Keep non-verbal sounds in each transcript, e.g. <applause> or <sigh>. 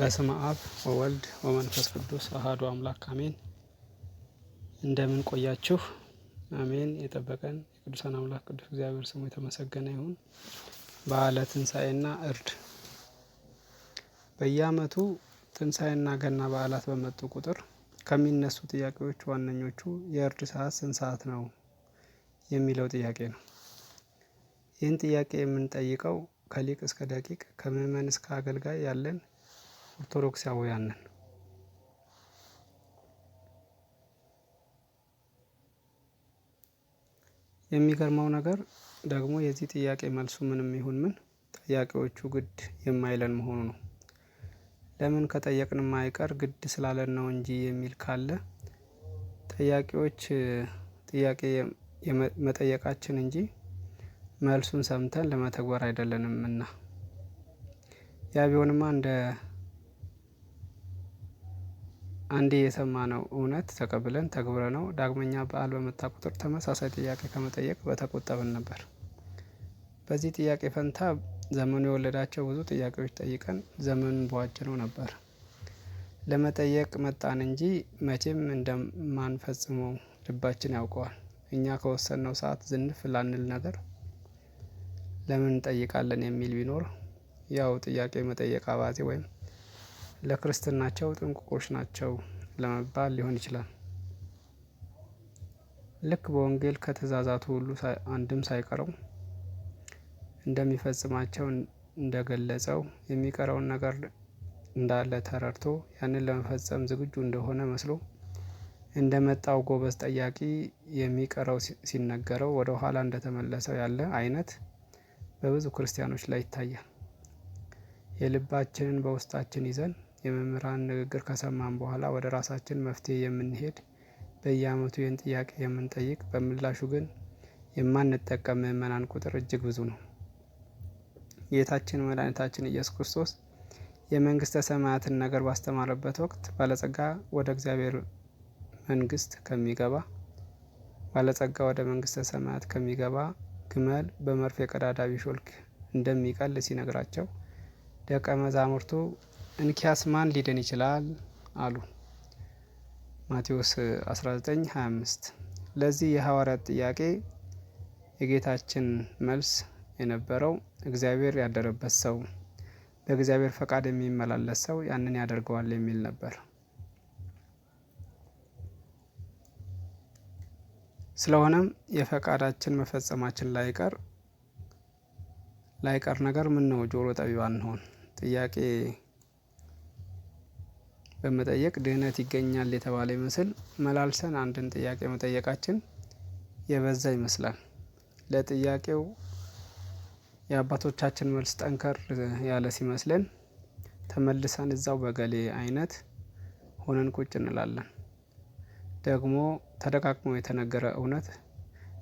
በስመ አብ ወወልድ ወመንፈስ ቅዱስ አሃዱ አምላክ አሜን። እንደምን ቆያችሁ? አሜን። የጠበቀን የቅዱሳን አምላክ ቅዱስ እግዚአብሔር ስሙ የተመሰገነ ይሁን። በዓለ ትንሣኤና እርድ በየዓመቱ ትንሣኤና ገና በዓላት በመጡ ቁጥር ከሚነሱ ጥያቄዎች ዋነኞቹ የእርድ ሰዓት ስንት ሰዓት ነው የሚለው ጥያቄ ነው። ይህን ጥያቄ የምንጠይቀው ከሊቅ እስከ ደቂቅ ከምዕመን እስከ አገልጋይ ያለን ኦርቶዶክሳውያን የሚገርመው ነገር ደግሞ የዚህ ጥያቄ መልሱ ምንም ይሁን ምን ጥያቄዎቹ ግድ የማይለን መሆኑ ነው። ለምን ከጠየቅን ማይቀር ግድ ስላለን ነው እንጂ የሚል ካለ ጥያቄዎች ጥያቄ መጠየቃችን እንጂ መልሱን ሰምተን ለመተግበር አይደለንም እና ያ ቢሆንማ እንደ አንዴ የሰማነው እውነት ተቀብለን ነው። ዳግመኛ በዓል በመጣ ቁጥር ተመሳሳይ ጥያቄ ከመጠየቅ በተቆጠብን ነበር። በዚህ ጥያቄ ፈንታ ዘመኑ የወለዳቸው ብዙ ጥያቄዎች ጠይቀን ዘመኑን በዋጀነው ነበር። ለመጠየቅ መጣን እንጂ መቼም እንደማንፈጽመው ልባችን ያውቀዋል። እኛ ከወሰንነው ሰዓት ዝንፍ ላንል ነገር ለምን እንጠይቃለን የሚል ቢኖር ያው ጥያቄ መጠየቅ አባዜ ወይም ለክርስትናቸው ጥንቁቆች ናቸው ለመባል ሊሆን ይችላል። ልክ በወንጌል ከትእዛዛቱ ሁሉ አንድም ሳይቀረው እንደሚፈጽማቸው እንደገለጸው የሚቀረውን ነገር እንዳለ ተረድቶ ያንን ለመፈጸም ዝግጁ እንደሆነ መስሎ እንደመጣው ጎበዝ ጠያቂ የሚቀረው ሲነገረው ወደ ኋላ እንደተመለሰው ያለ አይነት በብዙ ክርስቲያኖች ላይ ይታያል። የልባችንን በውስጣችን ይዘን የመምህራን ንግግር ከሰማን በኋላ ወደ ራሳችን መፍትሄ የምንሄድ በየአመቱ ይህን ጥያቄ የምንጠይቅ በምላሹ ግን የማንጠቀም ምዕመናን ቁጥር እጅግ ብዙ ነው። ጌታችን መድኃኒታችን ኢየሱስ ክርስቶስ የመንግስተ ሰማያትን ነገር ባስተማረበት ወቅት ባለጸጋ ወደ እግዚአብሔር መንግስት ከሚገባ ባለጸጋ ወደ መንግስተ ሰማያት ከሚገባ ግመል በመርፌ ቀዳዳ ቢሾልክ እንደሚቀል ሲነግራቸው ደቀ መዛሙርቱ እንኪያስ ማን ሊድን ይችላል አሉ። ማቴዎስ 19:25 ለዚህ የሐዋርያት ጥያቄ የጌታችን መልስ የነበረው እግዚአብሔር ያደረበት ሰው በእግዚአብሔር ፈቃድ የሚመላለስ ሰው ያንን ያደርገዋል የሚል ነበር። ስለሆነም የፈቃዳችን መፈጸማችን ላይቀር ላይቀር ነገር ምን ነው ጆሮ ጠቢባን እንሆን ጥያቄ በመጠየቅ ድህነት ይገኛል የተባለ ይመስል መላልሰን አንድን ጥያቄ መጠየቃችን የበዛ ይመስላል። ለጥያቄው የአባቶቻችን መልስ ጠንከር ያለ ሲመስለን ተመልሰን እዛው በገሌ አይነት ሆነን ቁጭ እንላለን። ደግሞ ተደጋግሞ የተነገረ እውነት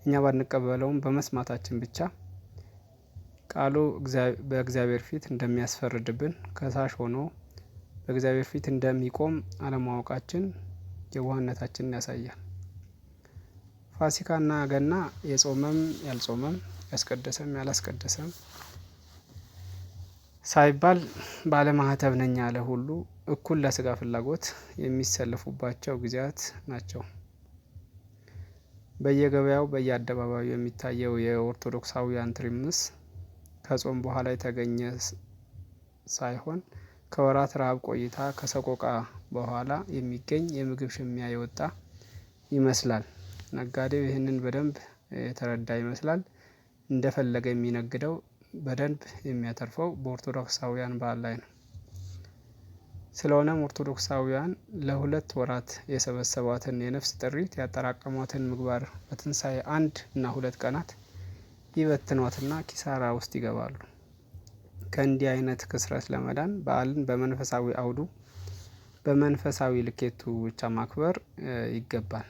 እኛ ባንቀበለውም በመስማታችን ብቻ ቃሉ በእግዚአብሔር ፊት እንደሚያስፈርድብን ከሳሽ ሆኖ በእግዚአብሔር ፊት እንደሚቆም አለማወቃችን የዋህነታችንን ያሳያል። ፋሲካና ገና የጾመም ያልጾመም ያስቀደሰም ያላስቀደሰም ሳይባል ባለማህተብ ነኝ ያለ ሁሉ እኩል ለስጋ ፍላጎት የሚሰለፉባቸው ጊዜያት ናቸው። በየገበያው በየአደባባዩ የሚታየው የኦርቶዶክሳውያን ትርምስ ከጾም በኋላ የተገኘ ሳይሆን ከወራት ረሃብ ቆይታ ከሰቆቃ በኋላ የሚገኝ የምግብ ሽሚያ የወጣ ይመስላል ነጋዴው ይህንን በደንብ የተረዳ ይመስላል እንደፈለገ የሚነግደው በደንብ የሚያተርፈው በኦርቶዶክሳውያን በዓል ላይ ነው። ስለሆነም ኦርቶዶክሳውያን ለሁለት ወራት የሰበሰቧትን የነፍስ ጥሪት ያጠራቀሟትን ምግባር በትንሣኤ አንድ እና ሁለት ቀናት ይበትኗትና ኪሳራ ውስጥ ይገባሉ ከእንዲህ አይነት ክስረት ለመዳን በዓልን በመንፈሳዊ አውዱ በመንፈሳዊ ልኬቱ ብቻ ማክበር ይገባል።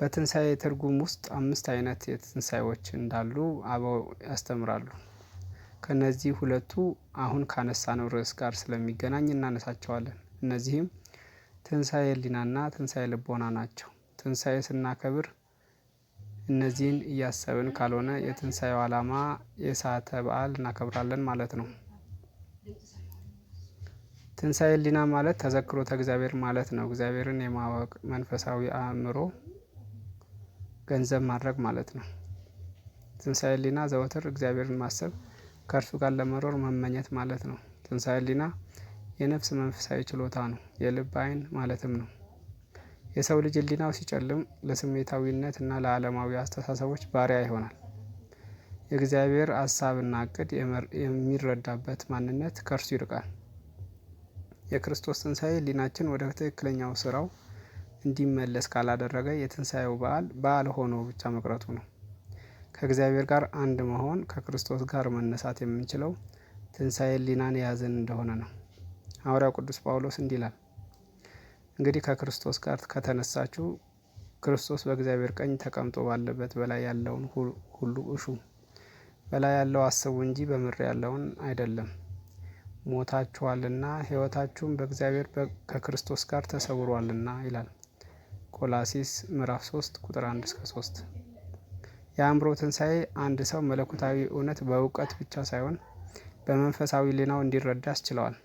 በትንሳኤ ትርጉም ውስጥ አምስት አይነት የትንሣኤዎች እንዳሉ አበው ያስተምራሉ። ከእነዚህ ሁለቱ አሁን ካነሳነው ርዕስ ጋር ስለሚገናኝ እናነሳቸዋለን። እነዚህም ትንሳኤ ሕሊናና ትንሳኤ ልቦና ናቸው። ትንሳኤ ስናከብር እነዚህን እያሰብን ካልሆነ የትንሣኤው ዓላማ የሳተ በዓል እናከብራለን ማለት ነው። ትንሣኤ ሊና ማለት ተዘክሮተ እግዚአብሔር ማለት ነው። እግዚአብሔርን የማወቅ መንፈሳዊ አእምሮ ገንዘብ ማድረግ ማለት ነው። ትንሣኤ ሊና ዘወትር እግዚአብሔርን ማሰብ ከእርሱ ጋር ለመኖር መመኘት ማለት ነው። ትንሣኤ ሊና የነፍስ መንፈሳዊ ችሎታ ነው፣ የልብ አይን ማለትም ነው። የሰው ልጅ ህሊናው ሲጨልም ለስሜታዊነት እና ለዓለማዊ አስተሳሰቦች ባሪያ ይሆናል። የእግዚአብሔር ሀሳብና እቅድ የሚረዳበት ማንነት ከእርሱ ይርቃል። የክርስቶስ ትንሣኤ ሊናችን ወደ ትክክለኛው ስራው እንዲመለስ ካላደረገ የትንሣኤው በዓል በዓል ሆኖ ብቻ መቅረቱ ነው። ከእግዚአብሔር ጋር አንድ መሆን ከክርስቶስ ጋር መነሳት የምንችለው ትንሣኤ ሊናን የያዘን እንደሆነ ነው። ሐዋርያው ቅዱስ ጳውሎስ እንዲህ ይላል እንግዲህ ከክርስቶስ ጋር ከተነሳችሁ ክርስቶስ በእግዚአብሔር ቀኝ ተቀምጦ ባለበት በላይ ያለውን ሁሉ እሹ። በላይ ያለው አስቡ እንጂ በምድር ያለውን አይደለም። ሞታችኋልና ሕይወታችሁም በእግዚአብሔር ከክርስቶስ ጋር ተሰውሯልና ይላል ቆላሲስ ምዕራፍ 3 ቁጥር 1 እስከ 3። የአእምሮ ትንሣኤ አንድ ሰው መለኮታዊ እውነት በእውቀት ብቻ ሳይሆን በመንፈሳዊ ሌናው እንዲረዳ አስችለዋል።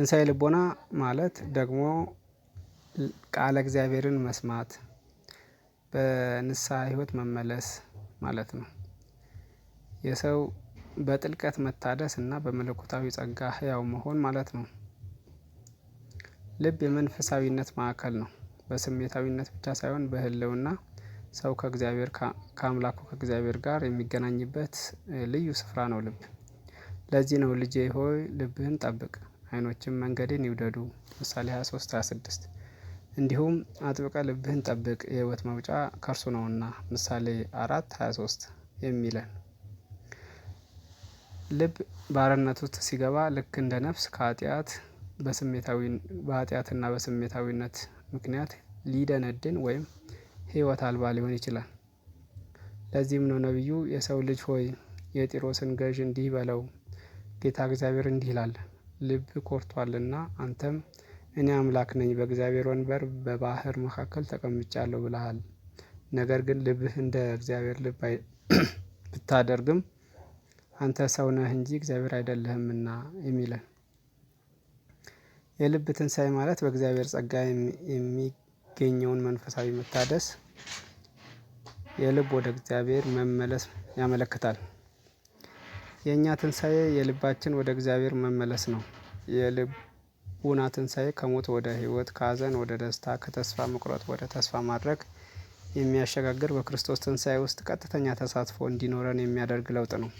ትንሣኤ ልቦና ማለት ደግሞ ቃለ እግዚአብሔርን መስማት በንስሐ ህይወት መመለስ ማለት ነው። የሰው በጥልቀት መታደስ እና በመለኮታዊ ጸጋ ህያው መሆን ማለት ነው። ልብ የመንፈሳዊነት ማዕከል ነው። በስሜታዊነት ብቻ ሳይሆን በህልውና ሰው ከእግዚአብሔር ከአምላኩ ከእግዚአብሔር ጋር የሚገናኝበት ልዩ ስፍራ ነው። ልብ ለዚህ ነው ልጄ ሆይ ልብህን ጠብቅ አይኖችም መንገድን ይውደዱ ምሳሌ 23 26 እንዲሁም አጥብቀ ልብህን ጠብቅ የህይወት መውጫ ከእርሱ ነውና ምሳሌ 4 23 የሚለን ልብ ባርነት ውስጥ ሲገባ ልክ እንደ ነፍስ ከኃጢአት በስሜታዊ በኃጢአትና በስሜታዊነት ምክንያት ሊደነድን ወይም ህይወት አልባ ሊሆን ይችላል። ለዚህም ነው ነቢዩ የሰው ልጅ ሆይ የጢሮስን ገዥ እንዲህ በለው ጌታ እግዚአብሔር እንዲህ ይላል ልብ ኮርቷልና አንተም እኔ አምላክ ነኝ በእግዚአብሔር ወንበር በባህር መካከል ተቀምጫለሁ ብለሃል። ነገር ግን ልብህ እንደ እግዚአብሔር ልብ <clears throat> ብታደርግም አንተ ሰው ነህ እንጂ እግዚአብሔር አይደለህምና የሚለን። የልብ ትንሳኤ ማለት በእግዚአብሔር ጸጋ የሚገኘውን መንፈሳዊ መታደስ የልብ ወደ እግዚአብሔር መመለስ ያመለክታል የእኛ ትንሣኤ የልባችን ወደ እግዚአብሔር መመለስ ነው። የልቡና ትንሣኤ ከሞት ወደ ህይወት፣ ከሀዘን ወደ ደስታ፣ ከተስፋ መቁረጥ ወደ ተስፋ ማድረግ የሚያሸጋግር በክርስቶስ ትንሣኤ ውስጥ ቀጥተኛ ተሳትፎ እንዲኖረን የሚያደርግ ለውጥ ነው።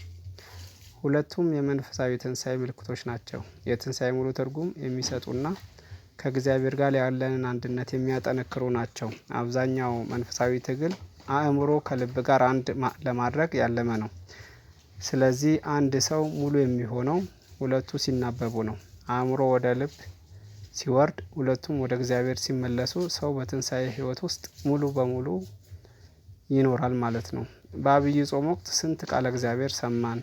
ሁለቱም የመንፈሳዊ ትንሣኤ ምልክቶች ናቸው። የትንሣኤ ሙሉ ትርጉም የሚሰጡና ከእግዚአብሔር ጋር ያለንን አንድነት የሚያጠነክሩ ናቸው። አብዛኛው መንፈሳዊ ትግል አእምሮ ከልብ ጋር አንድ ለማድረግ ያለመ ነው። ስለዚህ አንድ ሰው ሙሉ የሚሆነው ሁለቱ ሲናበቡ ነው። አእምሮ ወደ ልብ ሲወርድ ሁለቱም ወደ እግዚአብሔር ሲመለሱ ሰው በትንሣኤ ሕይወት ውስጥ ሙሉ በሙሉ ይኖራል ማለት ነው። በአብይ ጾም ወቅት ስንት ቃለ እግዚአብሔር ሰማን?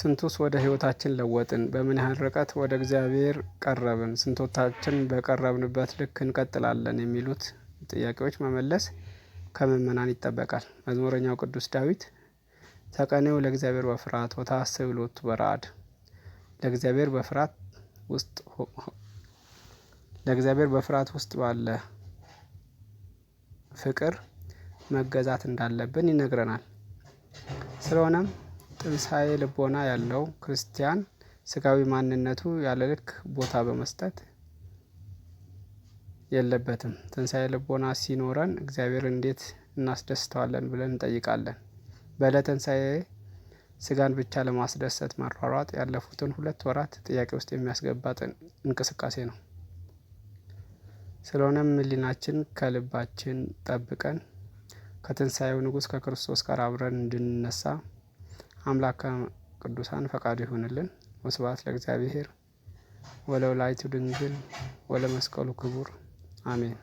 ስንቱስ ወደ ሕይወታችን ለወጥን? በምን ያህል ርቀት ወደ እግዚአብሔር ቀረብን? ስንቶታችን በቀረብንበት ልክ እንቀጥላለን? የሚሉት ጥያቄዎች መመለስ ከምዕመናን ይጠበቃል። መዝሙረኛው ቅዱስ ዳዊት ተቀኔው ለእግዚአብሔር በፍርሃት ወታስብ ሎቱ በረአድ ለእግዚአብሔር በፍርሃት ውስጥ ለእግዚአብሔር በፍርሃት ውስጥ ባለ ፍቅር መገዛት እንዳለብን ይነግረናል። ስለሆነም ጥንሳኤ ልቦና ያለው ክርስቲያን ስጋዊ ማንነቱ ያለ ልክ ቦታ በመስጠት የለበትም። ትንሣኤ ልቦና ሲኖረን እግዚአብሔር እንዴት እናስደስተዋለን ብለን እንጠይቃለን። በዕለተ ስጋን ብቻ ለማስደሰት ማሯሯጥ ያለፉትን ሁለት ወራት ጥያቄ ውስጥ የሚያስገባት እንቅስቃሴ ነው። ስለሆነም ሕሊናችን ከልባችን ጠብቀን ከትንሣኤው ንጉሥ ከክርስቶስ ጋር አብረን እንድንነሳ አምላከ ቅዱሳን ፈቃዱ ይሆንልን። ወስብሐት ለእግዚአብሔር ወለወላዲቱ ድንግል ወለመስቀሉ ክቡር 아멘.